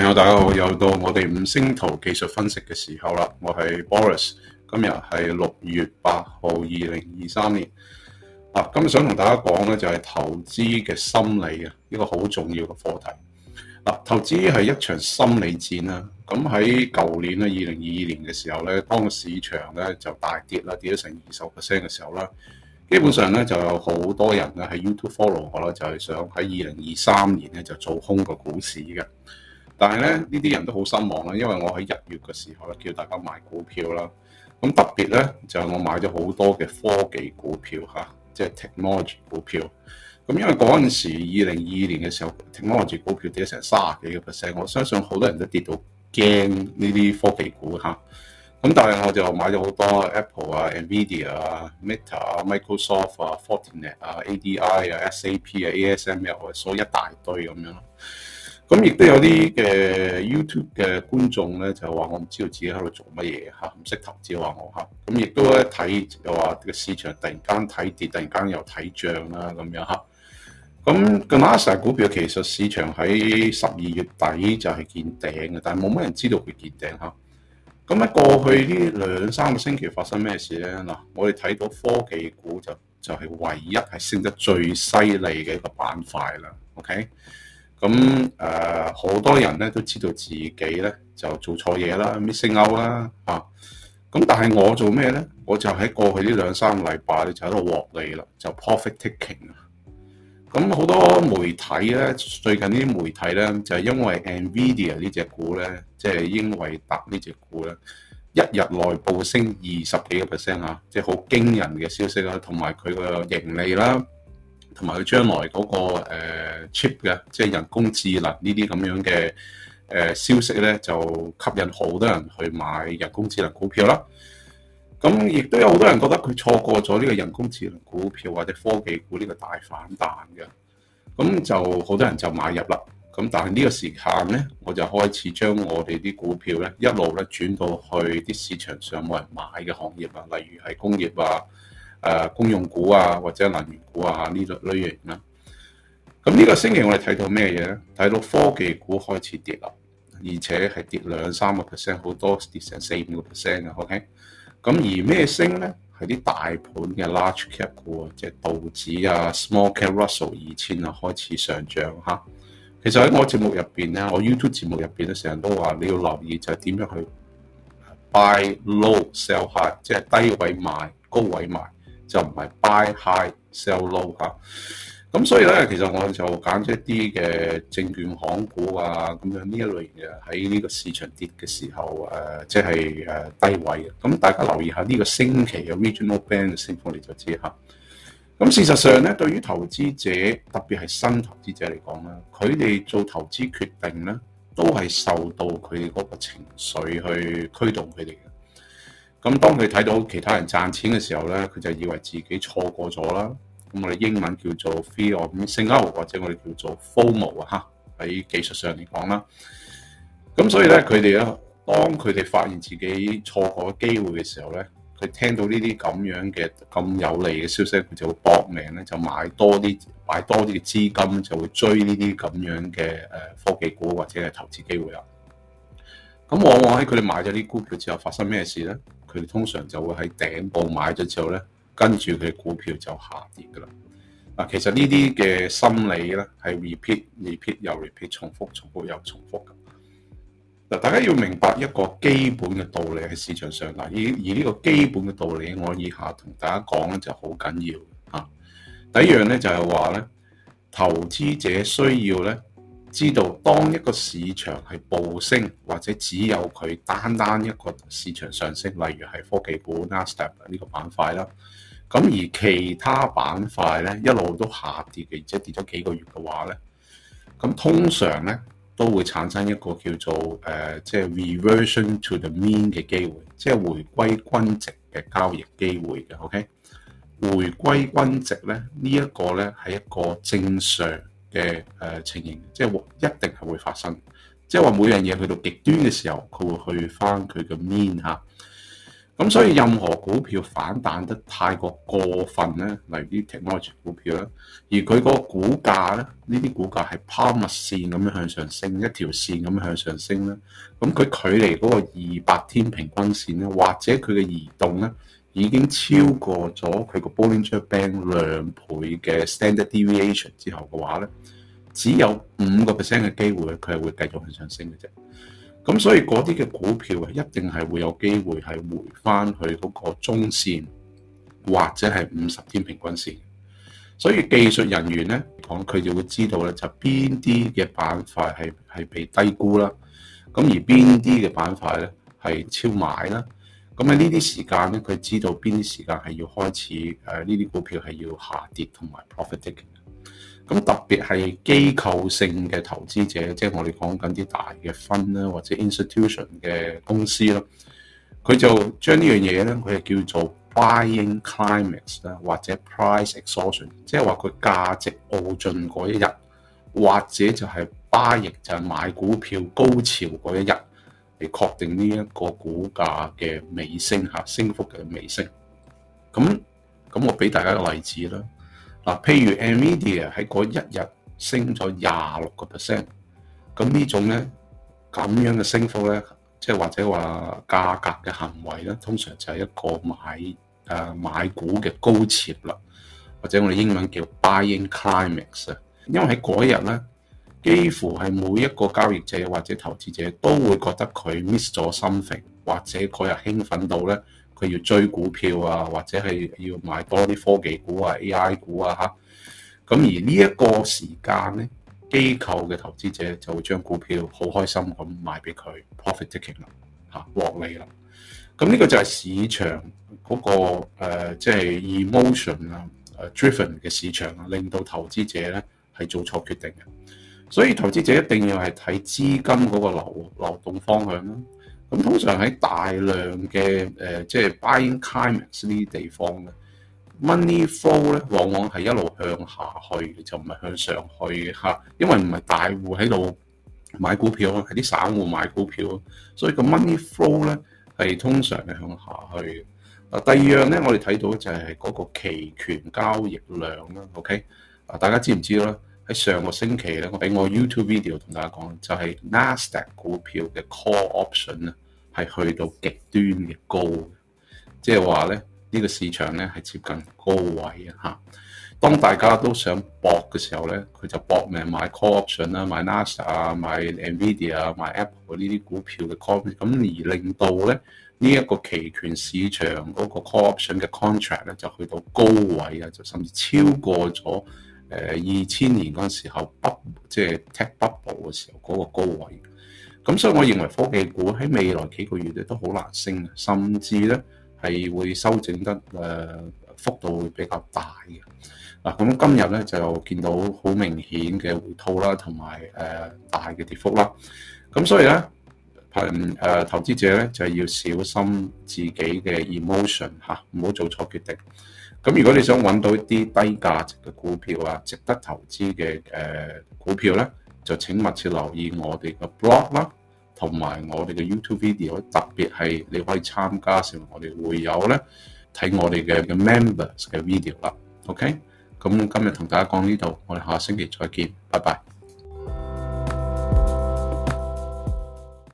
朋友大家好，又到我哋五星圖技術分析嘅時候啦。我係 Boris，今日係六月八號，二零二三年啊。今日想同大家講呢，就係投資嘅心理啊，一個好重要嘅課題。嗱，投資係一場心理戰啦。咁喺舊年咧，二零二二年嘅時候呢，當個市場呢就大跌啦，跌咗成二十 percent 嘅時候啦，基本上呢，就有好多人咧喺 YouTube follow 我啦，就係想喺二零二三年呢，就做空個股市嘅。但係咧，呢啲人都好失望啦，因為我喺一月嘅時候咧叫大家買股票啦。咁特別咧就係、是、我買咗好多嘅科技股票嚇，即、啊、係、就是、technology 股票。咁、啊、因為嗰陣時二零二二年嘅時候，technology 股票跌咗成三十幾個 percent，我相信好多人都跌到驚呢啲科技股嚇。咁、啊、但係我就買咗好多啊 Apple 啊、Nvidia 啊、Meta 啊、Microsoft 啊、Fortinet 啊、ADI 啊、SAP 啊、ASML 啊，所以一大堆咁樣咯。咁亦都有啲嘅 YouTube 嘅觀眾咧，就話我唔知道自己喺度做乜嘢嚇，唔識投資話我嚇。咁亦都一睇又話啲市場突然間睇跌，突然間又睇漲啦咁樣嚇。咁個 NASA 股票其實市場喺十二月底就係見頂嘅，但係冇乜人知道佢見頂嚇。咁喺過去呢兩三個星期發生咩事咧？嗱，我哋睇到科技股就就係唯一係升得最犀利嘅一個板塊啦。OK。咁誒，好多人咧都知道自己咧就做錯嘢啦，missing out 啦嚇。咁但係我做咩咧？我就喺過去呢兩三個禮拜咧就喺度獲利啦，就 profit taking 啊。咁好多媒體咧，最近啲媒體咧就因為 Nvidia 呢隻股咧，即係英偉達呢隻股咧，一日內暴升二十幾個 percent 吓，即係好驚人嘅消息啦，同埋佢個盈利啦。同埋佢將來嗰個誒 chip 嘅，即係人工智能呢啲咁樣嘅誒消息咧，就吸引好多人去買人工智能股票啦。咁亦都有好多人覺得佢錯過咗呢個人工智能股票或者科技股呢個大反彈嘅。咁就好多人就買入啦。咁但係呢個時間咧，我就開始將我哋啲股票咧一路咧轉到去啲市場上冇人買嘅行業啊，例如係工業啊。誒、呃、公用股啊，或者能源股啊，呢類類型啦。咁呢個星期我哋睇到咩嘢咧？睇到科技股開始跌啦，而且係跌兩三個 percent，好多跌成四五個 percent 嘅。OK，咁而咩升咧？係啲大盤嘅 Large Cap 股，啊，即、就、係、是、道指啊、Small Cap Russell 二千啊，開始上漲嚇、啊。其實喺我節目入邊咧，我 YouTube 節目入邊咧，成日都話你要留意就係點樣去 Buy Low，Sell High，即係低位買，高位賣。就唔係 buy high sell low 嚇、啊，咁所以咧，其實我就揀咗一啲嘅證券行股啊，咁樣呢一類嘅喺呢個市場跌嘅時候誒、啊，即係誒低位嘅。咁大家留意下呢個星期嘅 Regional Bank 嘅升幅，你就知嚇。咁事實上咧，對於投資者，特別係新投資者嚟講咧，佢哋做投資決定咧，都係受到佢哋個情緒去驅動佢哋。咁當佢睇到其他人賺錢嘅時候咧，佢就以為自己錯過咗啦。咁我哋英文叫做 Fear 咁，Sell 或者我哋叫做 FOMO 啊。吓喺技術上嚟講啦，咁所以咧，佢哋咧當佢哋發現自己錯過機會嘅時候咧，佢聽到呢啲咁樣嘅咁有利嘅消息，佢就會搏命咧就買多啲買多啲嘅資金，就會追呢啲咁樣嘅誒科技股或者係投資機會啦。咁往往喺佢哋買咗啲股票之後，發生咩事咧？佢哋通常就會喺頂部買咗之後咧，跟住佢嘅股票就下跌噶啦。嗱，其實呢啲嘅心理咧係 repeat repeat 又 repeat 重複重複又重複嘅嗱。大家要明白一個基本嘅道理喺市場上嗱，以以呢個基本嘅道理，我以下同大家講咧就好緊要嚇、啊。第一樣咧就係話咧，投資者需要咧。知道當一個市場係暴升，或者只有佢單單一個市場上升，例如係科技股、Nasdaq 呢個板塊啦。咁而其他板塊咧一路都下跌嘅，而且跌咗幾個月嘅話咧，咁通常咧都會產生一個叫做即係、呃就是、reversion to the mean 嘅機會，即、就、係、是、回歸均值嘅交易機會嘅。OK，回歸均值咧呢一、這個咧係一個正常嘅誒、呃、情形，即係一定係會發生，即係話每樣嘢去到極端嘅時候，佢會去翻佢嘅 mean 吓、啊。咁所以任何股票反彈得太過過分咧，例如啲 tech 股票啦，而佢個股價咧，呢啲股價係拋物線咁樣向上升，一條線咁樣向上升啦。咁佢距離嗰個二百天平均線咧，或者佢嘅移動咧。已經超過咗佢個 Bollinger Band 兩倍嘅 Standard Deviation 之後嘅話呢，只有五個 percent 嘅機會佢係會繼續係上升嘅啫。咁所以嗰啲嘅股票一定係會有機會係回返去嗰個中線或者係五十天平均線。所以技術人員呢，講，佢就會知道呢，就邊啲嘅板塊係被低估啦，咁而邊啲嘅板塊呢，係超買啦。咁喺呢啲時間咧，佢知道邊啲時間係要開始誒，呢、呃、啲股票係要下跌同埋 profit taking 嘅。咁特別係機構性嘅投資者，即係我哋講緊啲大嘅 fund 啦，或者 institution 嘅公司啦，佢就將呢樣嘢咧，佢係叫做 buying climax 啦，或者 price exhaustion，即係話佢價值耗盡嗰一日，或者就係 buying 就係買股票高潮嗰一日。嚟確定呢一個股價嘅尾聲嚇，升幅嘅尾聲。咁我畀大家一個例子啦。嗱，譬如 NVIDIA 喺嗰一日升咗廿六個 percent，咁呢種咧，咁樣嘅升幅呢，即係或者話價格嘅行為咧，通常就係一個買誒買股嘅高潮啦，或者我哋英文叫 buying climax，因為喺嗰一日呢。幾乎係每一個交易者或者投資者都會覺得佢 miss 咗 something，或者嗰日興奮到呢，佢要追股票啊，或者係要買多啲科技股啊、AI 股啊嚇。咁而呢一個時間呢，機構嘅投資者就會將股票好開心咁賣俾佢 profit taking 啦嚇，獲利啦。咁呢個就係市場嗰個，呃，即係 emotion 啊，driven 嘅市場啊，令到投資者呢係做錯決定嘅。所以投資者一定要係睇資金嗰個流流動方向啦。咁通常喺大量嘅誒，即、呃、係、就是、buying climates 呢啲地方咧，money flow 咧往往係一路向下去，就唔係向上去嘅嚇。因為唔係大戶喺度買股票啊，係啲散戶買股票啊，所以個 money flow 咧係通常係向下去嘅。啊，第二樣咧，我哋睇到就係嗰個期權交易量啦。OK，啊，大家知唔知道咧？喺上個星期咧，我喺我 YouTube video 同大家講，就係納斯達克股票嘅 call option 啊，係去到極端嘅高，即係話咧呢個市場咧係接近高位啊嚇。當大家都想搏嘅時候咧，佢就搏命買 call option 啊，買納斯啊，買 Nvidia 啊，買 Apple 呢啲股票嘅 call option，咁而令到咧呢一個期權市場嗰個 call option 嘅 contract 咧就去到高位啊，就甚至超過咗。誒二千年嗰陣時候，不即係 tech bubble 嘅時候，嗰個高位。咁所以，我認為科技股喺未來幾個月咧都好難升，甚至咧係會修正得誒幅度會比較大嘅。嗱，咁今日咧就見到好明顯嘅回吐啦，同埋誒大嘅跌幅啦。咁所以咧，平誒投資者咧就係要小心自己嘅 emotion 嚇、啊，唔好做錯決定。咁如果你想揾到一啲低價值嘅股票啊，值得投資嘅誒股票咧，就請密切留意我哋嘅 blog 啦，同埋我哋嘅 YouTube video，特別係你可以參加成為我哋會友咧，睇我哋嘅嘅 members 嘅 video 啦。OK，咁今日同大家講呢度，我哋下個星期再見，拜拜。